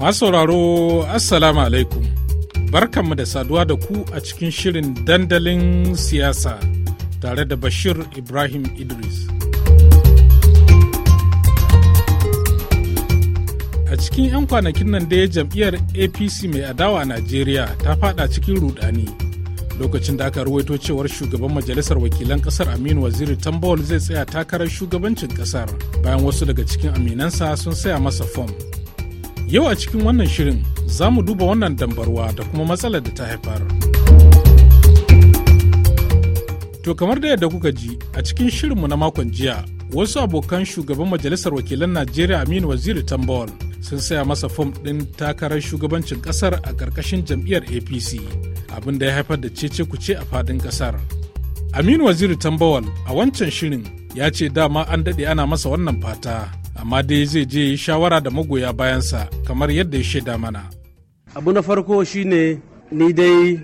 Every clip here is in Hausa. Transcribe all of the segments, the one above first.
Masu sauraro Assalamu alaikum. Barkanmu da saduwa da ku a cikin shirin dandalin siyasa tare da Bashir Ibrahim Idris. A cikin 'yan kwanakin nan da ya jam'iyyar APC mai adawa a Najeriya ta fada cikin rudani lokacin da aka ruwaito cewar shugaban majalisar wakilan kasar Aminu Waziri Tambawal zai tsaya takarar shugabancin kasar bayan wasu daga cikin aminansa sun saya masa fom. Yau a cikin wannan shirin za mu duba wannan dambarwa da kuma matsalar da ta haifar. To kamar da yadda kuka ji a cikin shirinmu na makon jiya wasu abokan shugaban majalisar wakilan Najeriya Aminu Waziri Tambawal sun saya masa fom ɗin takarar shugabancin ƙasar a ƙarƙashin jam'iyyar APC abin da ya haifar da cece ce a fadin ƙasar. Aminu Waziri Tambawal a wancan shirin ya ce dama an daɗe ana masa wannan fata amma dai zai je shawara da magoya bayansa kamar yadda ya shaida mana abu na farko shine ni dai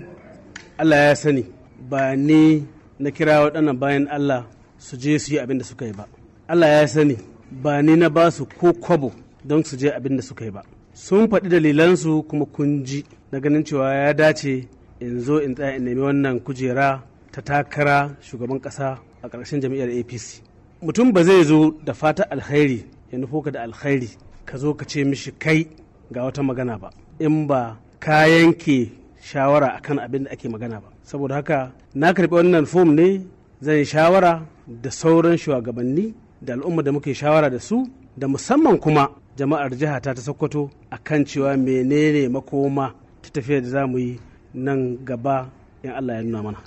allah ya sani ba ni na kira waɗannan bayan allah su je su yi abin da suka yi ba allah ya sani ba ni na ba su ko kwabo don su je abin da suka yi ba sun faɗi dalilansu kuma kun ji na ganin cewa ya dace in zo in tsaya in nemi wannan kujera ta takara shugaban ƙasa a ƙarshen jam'iyyar apc mutum ba zai zo da fata alheri ya nufo ka da alkhairi ka zo ka ce mishi kai ga wata magana ba in ba ka yanke shawara akan abin da ake magana ba saboda haka na karbi wannan fom ne zan shawara da sauran shugabanni da al'umma da muke shawara da su da musamman kuma jama'ar jiha ta ta sokoto akan cewa menene makoma ta tafiya da za mu yi nan gaba in allah ya nuna mana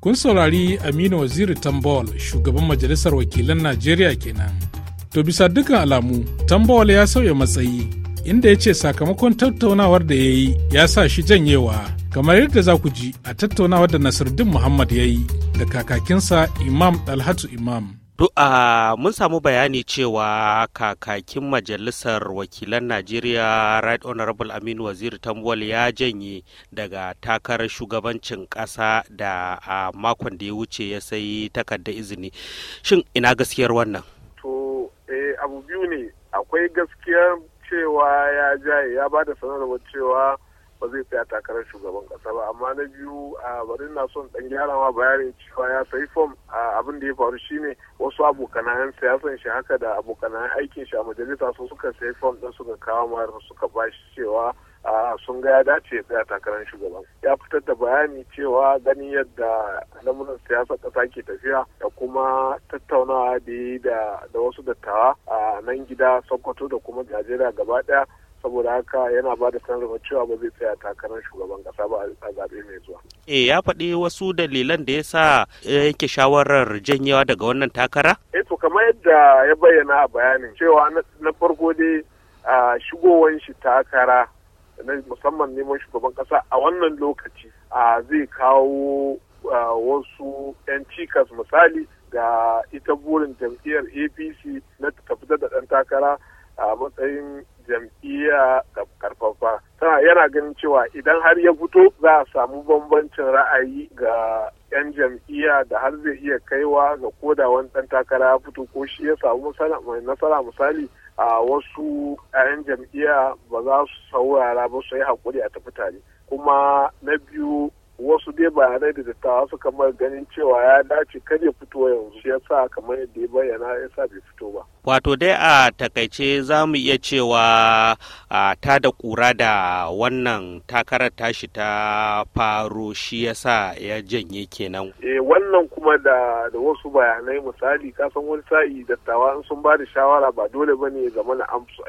kun saurari aminu waziri tambol shugaban majalisar wakilan najeriya kenan To bisa dukkan alamu, tambawal ya sauya matsayi, inda ya ce sakamakon tattaunawar da ya yi ya sa shi janyewa, kamar yadda za ku ji a tattaunawar da Nasiruddin Muhammad ya yi da kakakinsa Imam Dalhatu Imam. a mun samu bayani cewa kakakin majalisar wakilan Najeriya Right Honorable Aminu Waziri Tambuwal ya janye daga takarar shugabancin kasa da a makon da ya wuce ya sayi takardar izini. Shin ina gaskiyar wannan? abu biyu ne akwai gaskiya cewa ya jaye ya ba da sanarwar cewa ba zai tsaya takarar shugaban kasa ba amma na biyu a bari na son dan gyara ma bayanin cewa ya sayi fom abin da ya faru shine wasu abokanayen siyasan shi haka da abokanayen aikin shi a majalisa su suka sayi fom din suka kawo mara suka bashi cewa a sun ga ya dace ya tsaya takarar shugaban ya fitar da bayani cewa ganin yadda lamunan siyasar kasa ke tafiya da kuma tattaunawa da yi da wasu dattawa a nan gida sokoto da kuma gajera gaba ɗaya saboda haka yana ba da sanarwa cewa ba zai tsaya takarar shugaban kasa ba a zaɓe mai zuwa. E ya faɗi wasu dalilan da ya sa eh, yake shawarar janyewa daga wannan takara? E to kamar yadda ya bayyana a bayanin cewa na farko dai shigowar shi takara na musamman neman shugaban kasa a wannan lokaci a zai kawo wasu 'yan cikas misali ga ita burin jam'iyyar apc na ta da ɗan takara a matsayin jam'iyya karfafa tana yana ganin cewa idan har ya fito za a samu bambancin ra'ayi ga 'yan jam'iyya da har zai iya kaiwa ga koda wani ɗan takara ya fito ko shi ya samu nasara misali a wasu 'ya'yan jam'iyya ba za su saurara ba su yi haƙuri a tafi tare kuma na biyu wasu dai bayanai da dattawa suka kamar ganin cewa ya dace kar ya fito yanzu shi yasa kamar yadda ya bayyana sa bai fito ba wato dai a takaice za mu iya cewa a ta da kura da wannan takarar tashi ta faro shi yasa ya janye kenan eh wannan kuma da wasu bayanai misali kasan wani sa'i dattawa in sun ba da shawara ba dole ne ya zama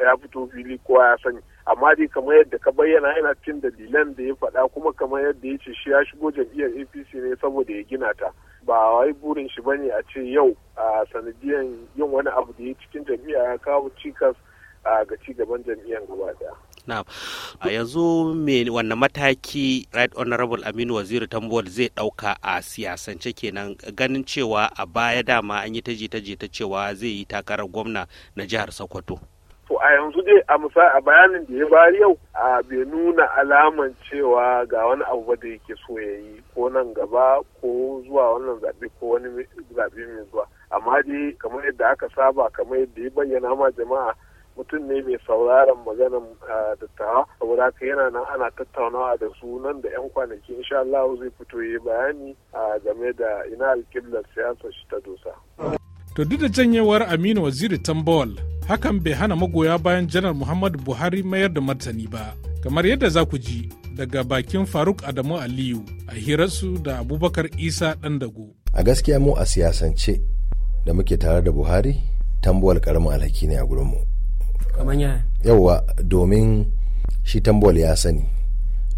ya fito fili kowa ya sani amma dai kamar yadda ka bayyana yana cin dalilan da ya faɗa kuma kamar yadda ya ce shi ya shigo jam'iyyar apc ne saboda ya gina ta ba wai burin shi bane a ce yau a sanadiyan yin wani abu da ya cikin jam'iyya ya kawo cikas ga ci gaban jam'iyyar gaba daya A yanzu me wannan mataki Right Honorable Aminu Waziri Tambuwal zai dauka a siyasance kenan ganin cewa a baya dama an yi ta jita-jita cewa zai yi takarar gwamna na jihar Sokoto. to a yanzu dai a musa a bayanin da ya bari yau a bai nuna alaman cewa ga wani abu ba da yake so ya yi ko nan gaba ko zuwa wannan zaɓe ko wani zaɓe mai zuwa amma dai kamar yadda aka saba kamar yadda ya bayyana ma jama'a mutum ne mai sauraron maganan dattawa saboda ka yana nan ana tattaunawa da su nan da yan kwanaki insha Allah zai fito yi bayani a game da ina alƙiblar siyasar shi ta dosa. To duk da janyewar Aminu Waziri Tambol, hakan bai hana magoya bayan janar Muhammadu Buhari mayar da martani ba, kamar yadda za ku ji daga bakin Faruk Adamu Aliyu a hirarsu da Abubakar Isa Dandago. A gaskiya mu a siyasance da muke tare da Buhari, Tambol karamin alhaki ne a gurinmu. Yawwa domin shi Tambol ya sani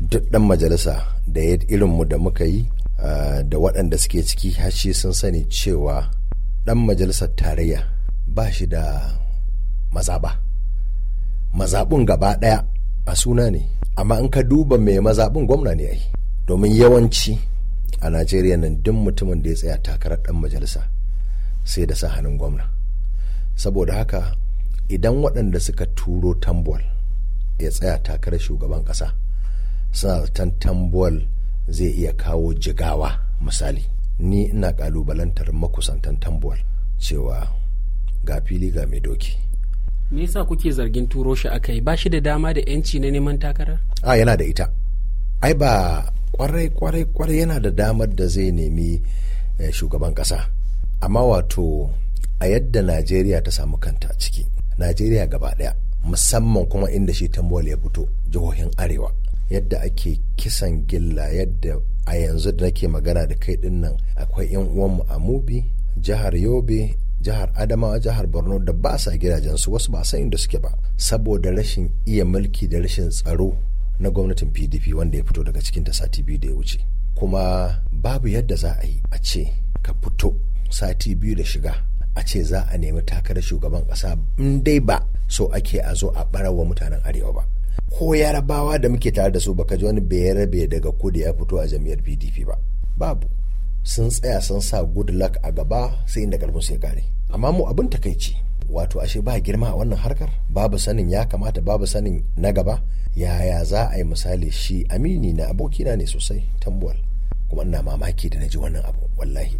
duk ɗan majalisa da irinmu da muka yi ah, da waɗanda suke ciki hashi sun sani cewa dan majalisar tarayya ba shi da mazaɓa mazaɓun gaba ɗaya a suna ne amma in ka duba mai mazaɓin gwamna ne ai domin yawanci a najeriya nan duk mutumin da ya tsaya takarar dan majalisa sai da sa hannun gwamna saboda haka idan waɗanda suka turo tambol ya tsaya takarar shugaban ƙasa suna zaton tambol zai iya kawo jigawa misali ni ina kalubalantar makusantan tambuwal cewa ga fili ga mai doki me yasa kuke zargin turo shi kai ba shi da dama da yanci na neman takarar a yana da ita ai ba kwarai kwarai kwarai yana da damar da zai nemi eh, shugaban kasa amma wato a yadda najeriya ta samu kanta ciki najeriya gaba daya musamman kuma inda shi tambuwal ya fito jihohin arewa yadda ake kisan gilla yadda a yanzu da nake magana da kai din nan akwai 'yan uwanmu a mubi jihar yobe jihar adamawa jihar borno da ba sa gidajensu wasu ba san inda suke ba saboda rashin iya mulki da rashin tsaro na gwamnatin pdp wanda ya fito daga cikin ta sati biyu da ya wuce kuma babu yadda za a yi a ce ka fito sati biyu da shiga a ce za a nemi takarar shugaban ƙasa in dai ba so ake a zo a wa mutanen arewa ba ko yarabawa da muke tare da su baka ji wani bayarabe daga ko da ya fito a jam'iyyar pdp ba babu sun tsaya sun sa good luck a gaba sai inda karfin sai kare amma mu abin takaici wato ashe ba girma a wannan harkar babu sanin ya kamata babu sanin na gaba yaya za a yi misali shi amini na abokina ne sosai tambuwal kuma ina mamaki da na ji wannan abu wallahi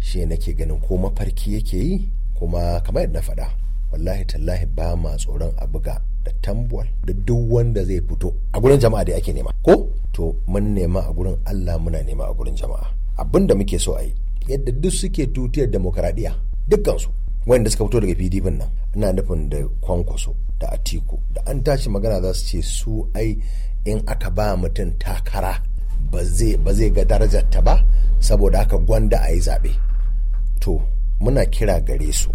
shi nake ganin ko mafarki yake yi kuma kamar yadda na faɗa wallahi tallahi ba ma tsoron a buga da tambuwal da duk wanda zai fito a gurin jama'a da ake nema ko to mun nema a gurin Allah muna nema a gurin jama'a abin da muke so a yi yadda duk suke tutiyar demokaradiyya dukkansu wanda suka fito daga pdp nan ina nufin da kwankwaso da atiku da an tashi magana za su ce su ai in aka ba mutum takara ba zai ga darajar ta ba saboda haka gwanda a yi zaɓe to muna kira gare su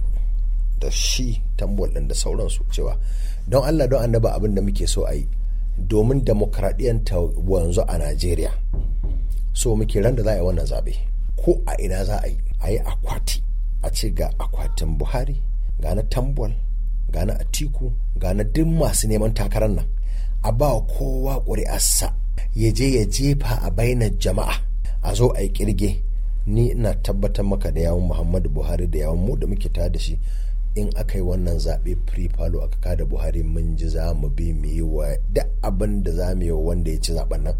da shi tambol ɗin da sauransu cewa don allah don annaba abin da muke so a yi domin demokradiyyar ta wanzu a najeriya so muke ran da za a yi wannan zabe ko a ina za a yi a yi akwati a ce ga akwatin buhari ga na tambol ga na atiku ga na duk masu neman takarar nan a ba kowa ƙuri'arsa ya je ya jefa a bainar jama'a a zo a yi kirge ni ina tabbatar maka da yawon muhammadu buhari da yawon mu da muke tare da shi in aka yi wannan zaɓe free palo aka kada buhari mun ji za mu bi mu yi wa duk abin da za mu yi wanda ya ci zaɓen nan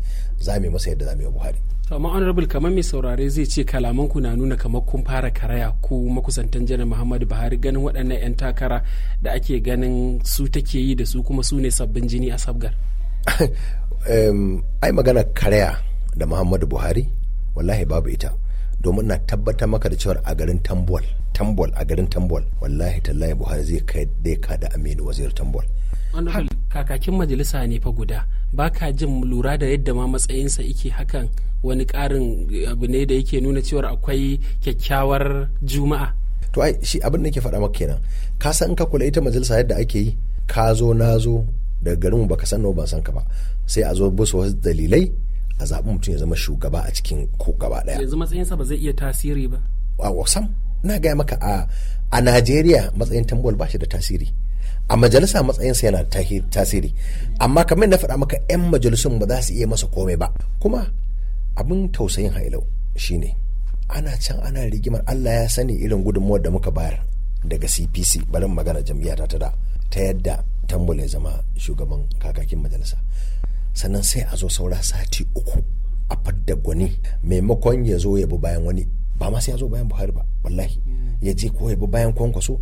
za mu yi masa yadda za mu yi wa buhari amma honorable kamar mai saurare zai ce kalaman ku na nuna kamar kun fara karaya ko makusantan janar muhammadu buhari ganin waɗannan 'yan takara da ake ganin su take yi da su kuma su ne sabbin jini a sabgar ai magana karaya da muhammadu buhari wallahi babu ita domin na tabbatar maka da cewar a garin tambol tambol a garin tambol wallahi tallahi buhari zai kai dai ka da aminu wazir tambol kakakin majalisa ne fa guda ba ka jin lura da yadda ma matsayinsa yake hakan wani karin abu ne da yake nuna cewar akwai kyakkyawar juma'a to ai shi abin da ke faɗa maka kenan ka san ka kula ita majalisa yadda ake yi ka zo na zo daga garinmu ba baka san nawa ban san ka ba sai a zo bisa wasu dalilai a zaɓi mutum ya zama shugaba a cikin ko gaba ɗaya yanzu matsayinsa ba zai iya tasiri ba a sam na gaya maka a a najeriya matsayin tambol ba shi da tasiri a majalisa matsayinsa yana da tasiri amma kamar na faɗa maka 'yan majalisun ba za su iya masa komai ba kuma abin tausayin hailau ne. ana can ana rigimar allah ya sani irin gudunmuwar da muka bayar daga cpc barin magana jam'iyyata ta da ta yadda tambol ya zama shugaban kakakin majalisa sannan sai a zo saura sati uku a fadda gwani maimakon ya zo ya bi bayan wani ba ma sai ya zo bayan buhari ba wallahi ya je ko ya bi bayan kwankwaso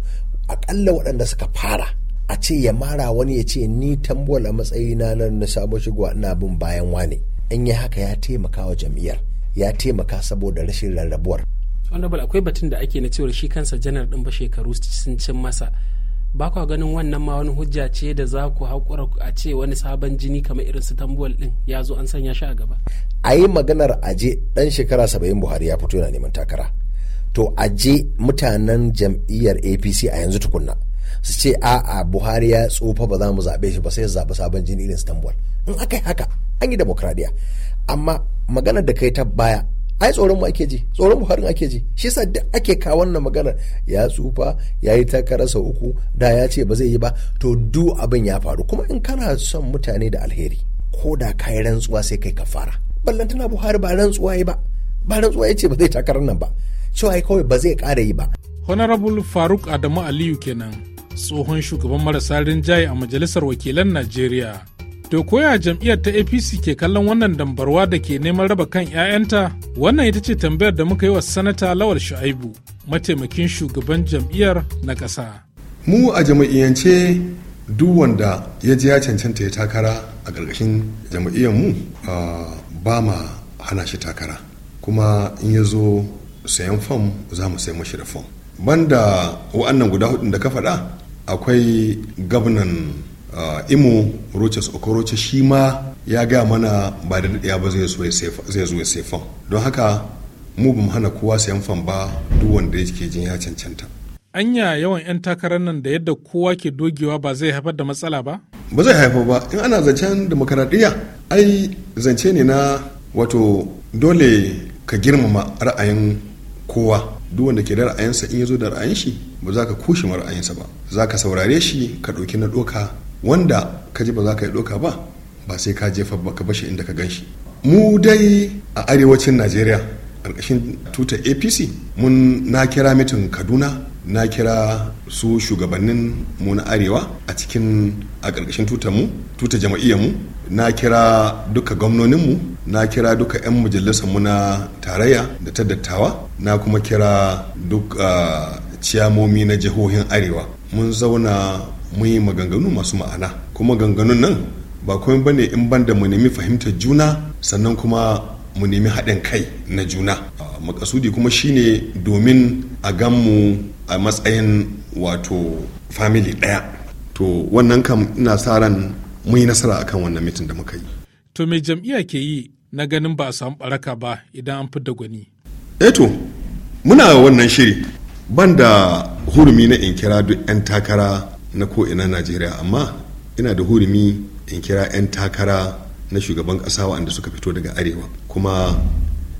akalla waɗanda suka fara a ce ya mara wani ya ce ni a matsayi na nan na sabo shigowa ina bin bayan wane in yi haka ya taimaka wa jam'iyyar ya taimaka saboda rashin rarrabuwar honorable akwai batun da ake na cewar shi kansa janar din ba shekaru sun cin masa ba kwa ganin wannan ma wani hujja ce da za ku haƙura a ce wani sabon jini kamar irin su tambuwal din ya zo an sanya shi a gaba a yi maganar aje ɗan shekara saba'in buhari ya fito yana neman takara to aje mutanen jam'iyyar apc a yanzu tukunna su ce a'a buhari ya tsufa ba za mu zaɓe shi ba sai zaɓi sabon jini irin su tambuwal in aka yi haka an yi demokradiya amma maganar da kai ta baya ai tsoron mu ake ji tsoron buharin ake ji shi yasa duk ake kawo wannan magana ya tsufa ya yi takara sau uku da ya ce ba zai yi ba to du abin ya faru kuma in kana son mutane da alheri ko da ka yi rantsuwa sai kai ka fara ballantana buhari ba rantsuwa ya ba ba rantsuwa ya ce ba zai takarar nan ba cewa kawai ba zai kara yi ba honorable faruk adamu aliyu kenan tsohon shugaban marasa rinjaye a majalisar wakilan najeriya To koya jam'iyyar ta APC ke kallon wannan dambarwa da ke neman raba kan 'ya'yanta? Wannan ita ce tambayar da muka yi wa sanata Lawal Shu'aibu, mataimakin shugaban jam'iyyar na ƙasa. Mu a jam'iyyance duk wanda ya ji ya cancanta ya takara a ƙarƙashin jam'iyyar mu ba ma hana shi takara. Kuma in ya zo sayan fom za mu sai mashi da fam. Banda wa'annan guda hudun da ka faɗa akwai gabnan Ah, imo roches okoroche shi ma ya ga mana ba da daɗaya ba zai zo ya sai fam don haka mu bamu hana kowa sayan fam ba duk wanda ke jin ya cancanta anya yawan 'yan takarar nan da yadda kowa ke dogewa ba zai haifar da matsala ba ba zai haifar ba in ana zancen demokaradiyya ai zance ne na wato dole ka girmama ra'ayin kowa duk wanda ke da ra'ayinsa in ya zo da ra'ayin shi ba za ka kushe ra'ayinsa ba za ka saurare shi ka ɗauki na ɗoka wanda ka ji ba za ka yi ɗauka ba ba sai ka jefa ba ka bashi inda ka gan shi mu dai a arewacin najeriya ƙarƙashin tutar apc mun na kira mitin kaduna na kira su shugabannin mu na arewa a cikin a ƙarƙashin tutar mu tutar jama'iyyar mu na kira duka gwamnonin mu na kira duka 'yan majalisar mu na tarayya da ta dattawa na kuma kira duka ah, ciyamomi na jihohin arewa mun zauna mun yi maganganu masu ma'ana kuma maganganun nan ba komai ba ne in banda mu nemi fahimtar juna sannan kuma mu nemi haɗin kai na juna makasudi kuma shine domin a ganmu a matsayin wato family ɗaya to wannan kam ina sa ran mun yi nasara akan wannan mitin da muka yi to me jam'iyya ke yi na ganin ba a samu baraka ba idan an fidda gwani eto eh muna wannan shiri banda da hurumi na in kira duk 'yan takara na ko'ina najeriya amma ina da hurumi in kira 'yan takara na shugaban ƙasa waɗanda suka fito daga arewa kuma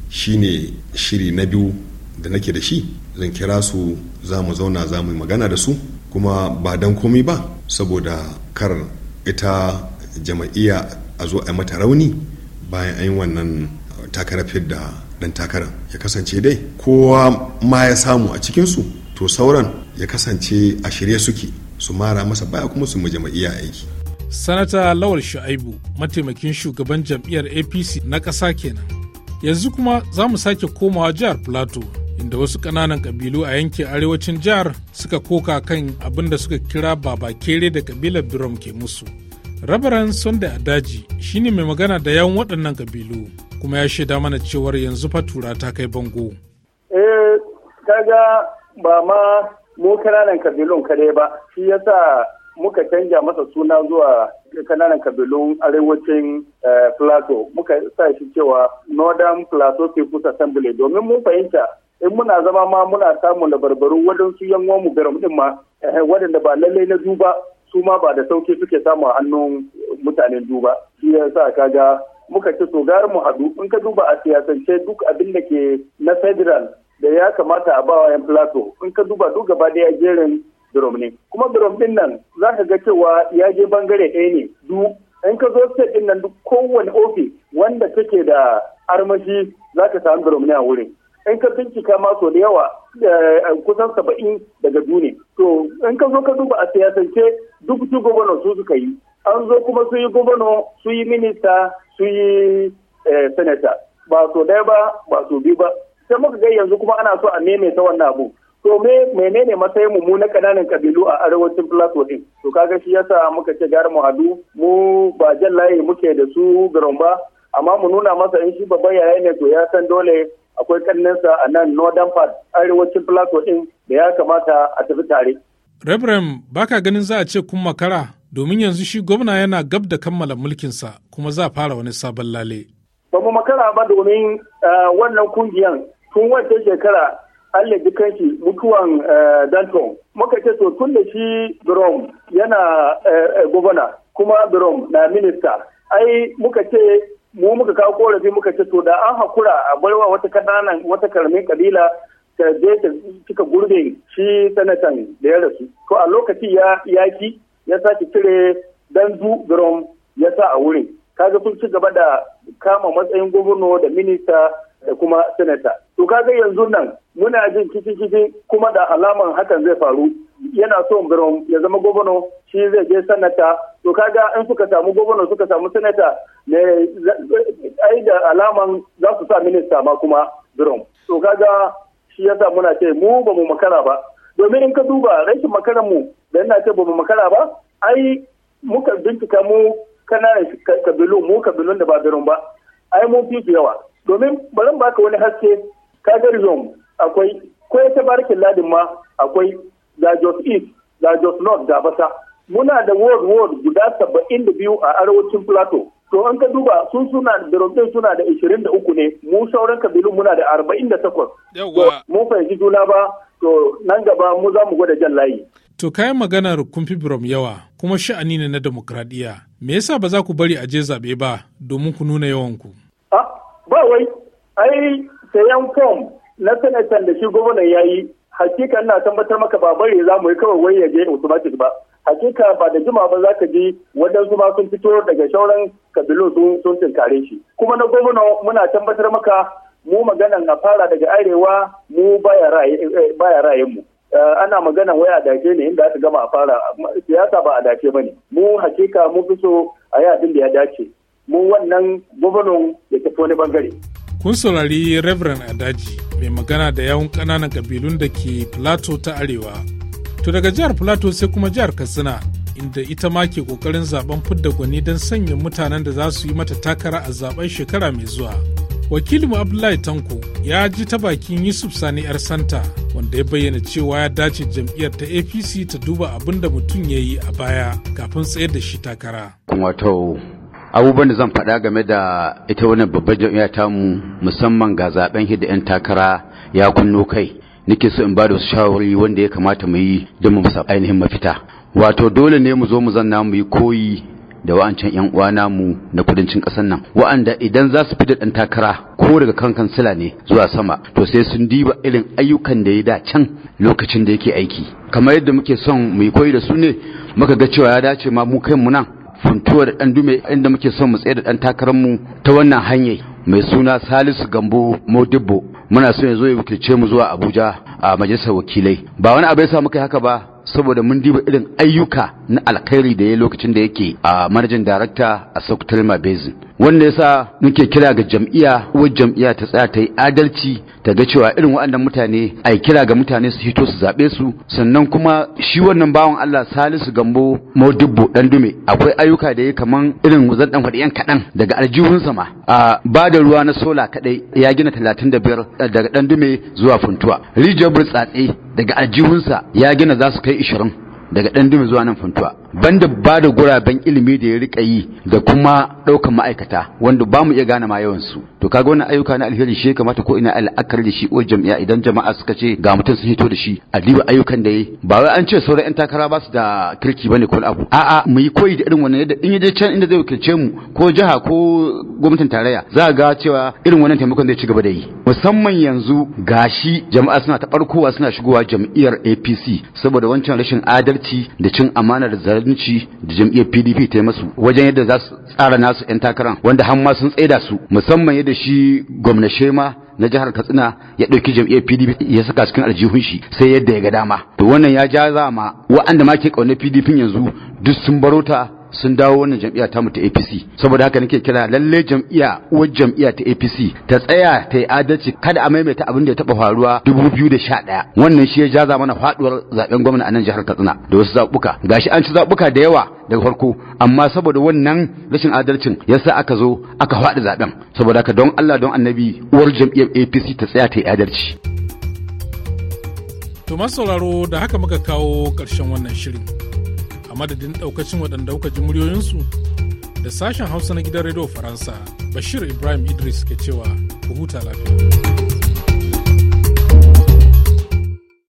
shi ne shiri na biyu da nake da shi zan kira su za mu zauna za mu yi magana da su kuma ba don komi ba saboda kar ita jama'iyya a zo a mata rauni bayan an yi wannan takarar da dan takarar ya kasance dai kowa ma ya samu a cikinsu to sauran ya kasance a shirye suke su mara masa baya kuma su iya aiki sanata lawal shu'aibu mataimakin shugaban jam'iyyar apc na ƙasa kenan yanzu kuma za mu sake komawa jihar plato inda wasu ƙananan ƙabilu a yankin arewacin jihar suka koka kan abin da suka kira baba kere da ƙabilar birom ke musu rabaran sunday adaji shine mai magana da yawan waɗannan ƙabilu kuma ya shaida mana cewar yanzu fa tura ta kai bango eh kaga ba ma mu kananan kabilun kare ba shi yasa muka canja masa suna zuwa kananan kabilun arewacin eh, plateau muka sa shi cewa northern plateau people's assembly domin mun fahimta in muna zama ma muna samun da labarbaru wadansu yan mu garam din ma eh, waɗanda ba lallai na duba su ma ba da sauki suke samun hannun mutanen duba shi yasa kaga muka ce to mu haɗu in ka duba a siyasance duk abin da ke na federal da ya kamata a bawa yan plato in ka duba duk gaba daya jerin drum kuma drum din nan za ka ga cewa ya je bangare ɗaya ne duk in ka zo state din nan duk kowane ofis wanda take da armashi za ka samu drum a wurin in ka bincika ma so da yawa kusan saba'in daga dune to in ka zo ka duba a siyasance duk su gwamnati su suka yi an zo kuma su yi gwamnati su yi minista su yi eh, senator ba so ɗaya ba ba so biyu ba sai muka ga yanzu kuma ana so a maimaita wannan abu to me menene matsayin mu mu na kananan kabilu a arewacin plateau din to kaga shi yasa muka ce gara mu hadu mu ba jan layi muke da su garon ba amma mu nuna masa in shi babban yaya ne to ya san dole akwai kannensa a nan northern part arewacin plateau din da ya kamata a tafi tare Reverend baka ganin za a ce kun makara domin yanzu shi gwamna yana gab da kammala mulkinsa kuma za fara wani sabon lale. Ba mu makara ba domin eh, wannan kungiyan tun wata shekara Allah dukan shi mutuwan eh, Danton. Muka ce to tun da shi Birom yana eh, eh, gwamna kuma Birom na minista. Ai muka ce mu muka kawo korafi muka ce to da an hakura a baiwa wata kananan wata karamin kabila ta je ta cika gurbin shi sanatan da ya rasu. To a lokaci ya yaki ya sake cire Danzu Birom ya sa a wurin. Kaga sun ci gaba da kama matsayin gwamna da minista da kuma sanata. to kaga yanzu nan muna jin kici-kici kuma da alaman hakan zai faru yana so biron ya zama gwamna shi zai je sanata to kaga in suka samu gwamna suka samu sanata ne ai da alaman za su sa minista ma kuma biron to kaga shi yasa muna ce mu ba mu makara ba domin in ka duba rashin makaran mu da ina ce ba mu makara ba ai muka bincika mu kananan kabilu mu kabilun da ba biron ba ai mun fi yawa domin barin baka wani haske kagar zone akwai ko ta ladi ladin ma akwai ga jos east ga jos north da basa muna da ward ward guda saba'in da biyu a arewacin plateau to an ka duba sun suna da romfin suna da ishirin da uku ne mu sauran kabilu muna da arba'in da takwas mu fahimci juna ba to nan gaba mu za mu gwada jan layi To kayan maganar kun fi birom yawa kuma sha'ani ne na demokradiyya. Me yasa ba za ku bari a je zaɓe ba domin ku nuna yawanku? a ah, ba wai, ai sayan fom na sanatan da shi gwamnan ya yi hakika ina tambatar maka ba bari za mu yi kawai wai ya je automatic ba hakika ba da juma ba za ka ji waɗansu ma sun fito daga shauran kabilu sun sun tinkare shi kuma na gwamna muna tambatar maka mu maganan a fara daga arewa mu baya rayin eh, mu eh, ana maganan waya dace ne inda aka gama a fara siyasa ba a dace ba ne mu hakika mu fi so a yi abin da ya dace mu wannan gwamnan ya tafi wani bangare. Kun saurari Reverend Adaji mai magana da yawun ƙananan ƙabilun da ke Plateau ta Arewa. To daga jihar Plateau sai kuma jihar Katsina inda ita ma ke ƙoƙarin zaben fidda gwani don sanya mutanen da za su yi mata takara a zaben shekara mai zuwa. Wakilinmu Abdullahi Tanko ya ji ta bakin Yusuf Sani 'yar Santa wanda ya bayyana cewa ya dace jam'iyyar ta APC ta duba abin da mutum ya yi a baya kafin tsayar da shi takara. Wato abubuwan da zan faɗa game da ita wannan babban jam'iyya ta mu musamman ga zaben hidda 'yan takara ya kunno kai nake so in ba da shawari wanda ya kamata mu yi don mu ainihin mafita wato dole ne mu zo mu zanna mu yi koyi da wa'ancan yan uwana mu na kudancin ƙasar nan wa'anda idan za su fita ɗan takara ko daga kan kansila ne zuwa sama to sai sun diba irin ayyukan da ya da can lokacin da yake aiki kamar yadda muke son mu yi koyi da su ne muka ga cewa ya dace ma mu kai mu nan funtuwar da ɗan dume inda muke son mu tsaye da ɗan takararmu ta wannan hanyar mai suna salisu gambo modibbo muna son ya zo ya wakilce mu zuwa abuja a majalisar wakilai ba wani abu ya sa muka haka ba saboda mun diba irin ayyuka na alkhairi da ya lokacin da yake a manajan darakta a Sokotarma Basin wanda yasa muke kira ga jam'iyya uwar jam'iyya ta tsaya ta yi adalci ta ga cewa irin waɗannan mutane a yi kira ga mutane su hito su zaɓe su sannan kuma shi wannan bawan Allah Salisu Gambo Modibbo dan dume akwai ayyuka da ya kaman irin zan dan faɗi kaɗan daga aljihun sama a ba da ruwa na sola kaɗai ya gina talatin da biyar eh, daga dan dume zuwa funtuwa rijiyar burtsatse daga aljihunsa ya gina za su kai ishirin daga ɗan dumi zuwa nan funtuwa banda ba da guraben ilimi da ya rika yi da kuma ɗaukan ma'aikata wanda ba mu iya gane ma yawan su to kaga wannan ayyuka na alheri shi kamata ko ina al'akar da shi ko jami'a idan jama'a suka ce ga mutum sun hito da shi a diba ayyukan da yayi ba wai an ce sauran yan takara ba su da kirki bane ko abu a'a mu yi koyi da irin wannan yadda in yaje can inda zai wakilce mu ko jiha ko gwamnatin tarayya za ga cewa irin wannan taimakon zai ci gaba da yi musamman yanzu gashi jama'a suna ta barkowa suna shigowa jam'iyyar APC saboda wancan rashin adalci da cin amanar da zalunci da jam'iyyar PDP ta yi masu wajen yadda za su tsara nasu 'yan takara wanda har ma sun tsaida su musamman yadda shi gwamna Shema na jihar Katsina ya ɗauki jam'iyyar PDP ya saka cikin aljihun shi sai yadda ya ga dama to wannan ya jaza ma wa'anda ma ke ƙaunar PDP yanzu duk sun baro ta sun dawo wannan jam'iyya ta mu ta APC saboda haka nake kira lalle jam'iyya uwar jam'iyya ta APC ta tsaya ta yi adalci kada a maimaita abin da ya taba faruwa 2011 wannan shi ya jaza mana faduwar zaben gwamna a nan jihar Katsina da wasu zabuka gashi an ci zabuka da yawa daga farko amma saboda wannan rashin adalcin yasa aka zo aka faɗi zaben saboda haka don Allah don Annabi uwar jam'iyyar APC ta tsaya ta yi adalci To masu sauraro da haka muka kawo ƙarshen wannan shirin a madadin daukacin waɗanda kuka ji muryoyinsu da sashen hausa na gidan rediyo faransa bashir ibrahim idris ke cewa ku huta lafiya